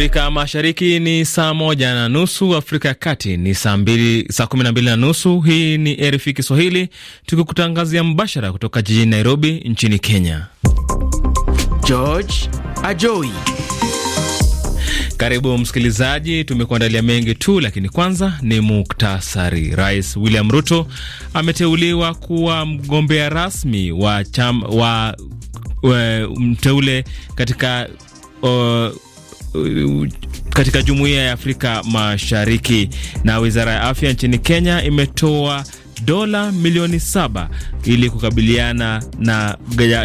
Afrika Mashariki ni saa moja na nusu, Afrika ya Kati ni saa mbili, saa kumi na mbili na nusu. Hii ni RFI Kiswahili tukikutangazia mbashara kutoka jijini Nairobi nchini Kenya. George Ajoi. Karibu msikilizaji, tumekuandalia mengi tu, lakini kwanza ni muktasari. Rais William Ruto ameteuliwa kuwa mgombea rasmi wa cham, wa, we, mteule katika uh, Uh, uh, katika jumuiya ya Afrika Mashariki. Na wizara ya afya nchini Kenya imetoa dola milioni saba ili kukabiliana na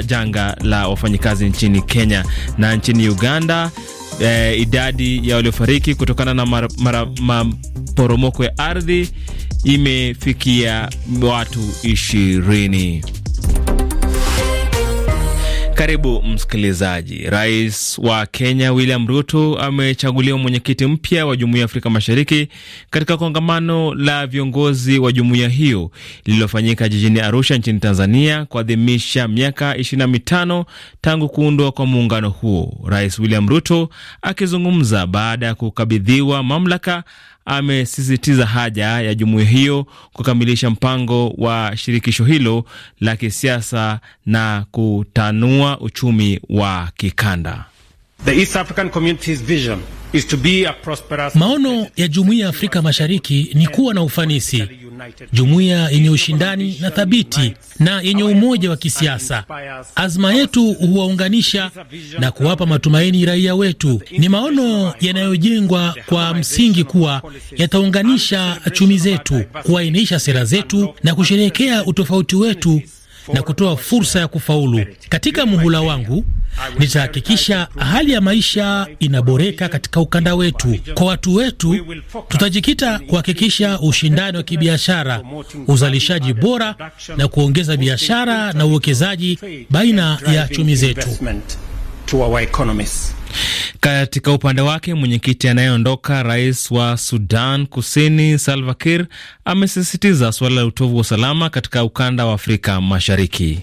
janga la wafanyikazi nchini Kenya. Na nchini Uganda eh, idadi ya waliofariki kutokana na maporomoko ya ardhi imefikia watu ishirini. Karibu msikilizaji. Rais wa Kenya William Ruto amechaguliwa mwenyekiti mpya wa Jumuiya ya Afrika Mashariki katika kongamano la viongozi wa jumuiya hiyo lililofanyika jijini Arusha nchini Tanzania kuadhimisha miaka 25 tangu kuundwa kwa muungano huo. Rais William Ruto akizungumza baada ya kukabidhiwa mamlaka amesisitiza haja ya jumuiya hiyo kukamilisha mpango wa shirikisho hilo la kisiasa na kutanua uchumi wa kikanda. The East African Community's vision is to be a prosperous... Maono ya jumuiya ya Afrika Mashariki ni kuwa na ufanisi jumuiya yenye ushindani na thabiti na yenye umoja wa kisiasa. Azma yetu huwaunganisha na kuwapa matumaini raia wetu. Ni maono yanayojengwa kwa msingi kuwa yataunganisha chumi zetu, kuainisha sera zetu na kusherehekea utofauti wetu na kutoa fursa ya kufaulu. Katika muhula wangu nitahakikisha hali ya maisha inaboreka katika ukanda wetu. Kwa watu wetu, tutajikita kuhakikisha ushindani wa kibiashara, uzalishaji bora na kuongeza biashara na uwekezaji baina ya chumi zetu. Katika upande wake mwenyekiti anayeondoka rais wa Sudan Kusini Salva Kiir amesisitiza suala la utovu wa usalama katika ukanda wa Afrika Mashariki.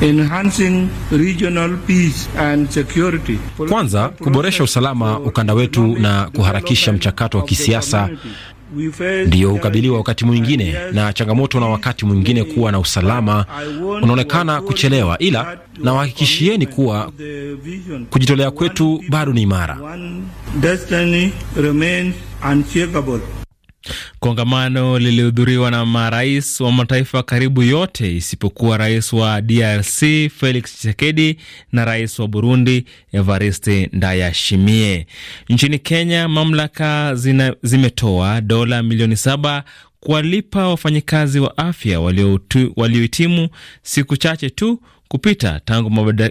Enhancing regional peace and security. Kwanza, kuboresha usalama ukanda wetu na kuharakisha mchakato wa kisiasa ndiyo hukabiliwa wakati mwingine na changamoto, na wakati mwingine kuwa na usalama unaonekana kuchelewa, ila nawahakikishieni kuwa kujitolea kwetu bado ni imara. Kongamano lilihudhuriwa na marais wa mataifa karibu yote isipokuwa rais wa DRC Felix Tshisekedi na rais wa Burundi Evariste Ndayishimiye. Nchini Kenya, mamlaka zina, zimetoa dola milioni saba kuwalipa wafanyikazi wa afya waliohitimu siku chache tu kupita tangu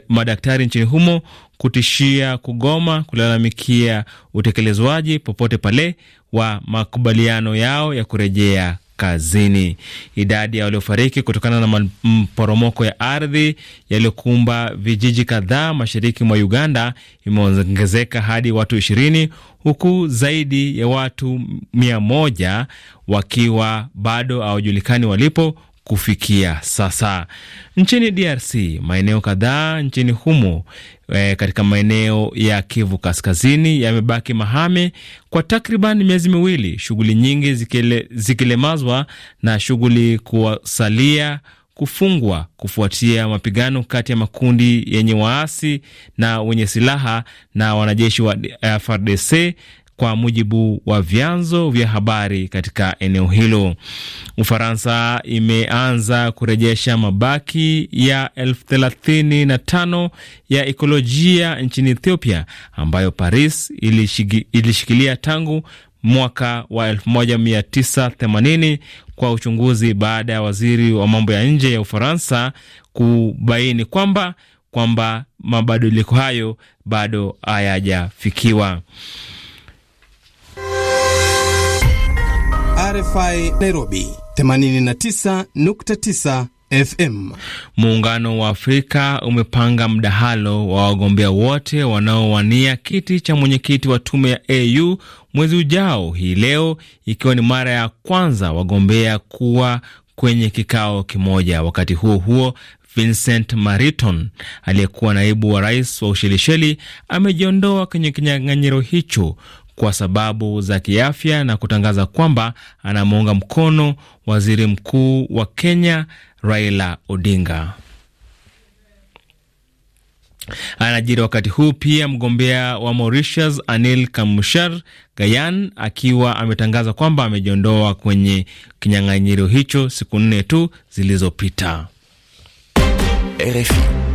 madaktari nchini humo kutishia kugoma kulalamikia utekelezwaji popote pale wa makubaliano yao ya kurejea kazini. Idadi ya waliofariki kutokana na mporomoko ya ardhi yaliyokumba vijiji kadhaa mashariki mwa Uganda imeongezeka hadi watu ishirini huku zaidi ya watu mia moja wakiwa bado hawajulikani walipo kufikia sasa. Nchini DRC, maeneo kadhaa nchini humo e, katika maeneo ya Kivu Kaskazini yamebaki mahame kwa takriban miezi miwili, shughuli nyingi zikile, zikilemazwa na shughuli kuwasalia kufungwa kufuatia mapigano kati ya makundi yenye waasi na wenye silaha na wanajeshi wa eh, FARDC kwa mujibu wa vyanzo vya habari katika eneo hilo. Ufaransa imeanza kurejesha mabaki ya elfu thelathini na tano ya ekolojia nchini Ethiopia ambayo Paris ilishikilia tangu mwaka wa 1980 kwa uchunguzi baada ya waziri wa mambo ya nje ya Ufaransa kubaini kwamba kwamba mabadiliko hayo bado hayajafikiwa. RFI Nairobi 89.9 FM. Muungano wa Afrika umepanga mdahalo wa wagombea wote wanaowania kiti cha mwenyekiti wa tume ya AU mwezi ujao hii leo, ikiwa ni mara ya kwanza wagombea kuwa kwenye kikao kimoja. Wakati huo huo, Vincent Mariton aliyekuwa naibu wa rais wa Ushelisheli amejiondoa kwenye kinyang'anyiro hicho kwa sababu za kiafya na kutangaza kwamba anamuunga mkono waziri mkuu wa Kenya Raila Odinga. Anajiri wakati huu pia mgombea wa Mauritius Anil Kamushar Gayan akiwa ametangaza kwamba amejiondoa kwenye kinyang'anyiro hicho siku nne tu zilizopita. RFI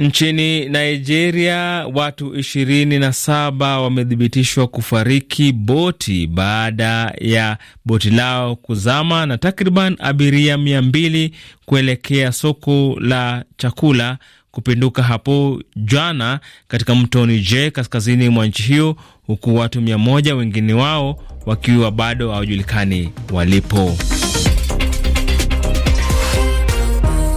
Nchini Nigeria watu ishirini na saba wamethibitishwa kufariki boti baada ya boti lao kuzama na takriban abiria mia mbili kuelekea soko la chakula kupinduka hapo jana katika mto Niger kaskazini mwa nchi hiyo, huku watu mia moja wengine wao wakiwa bado hawajulikani walipo.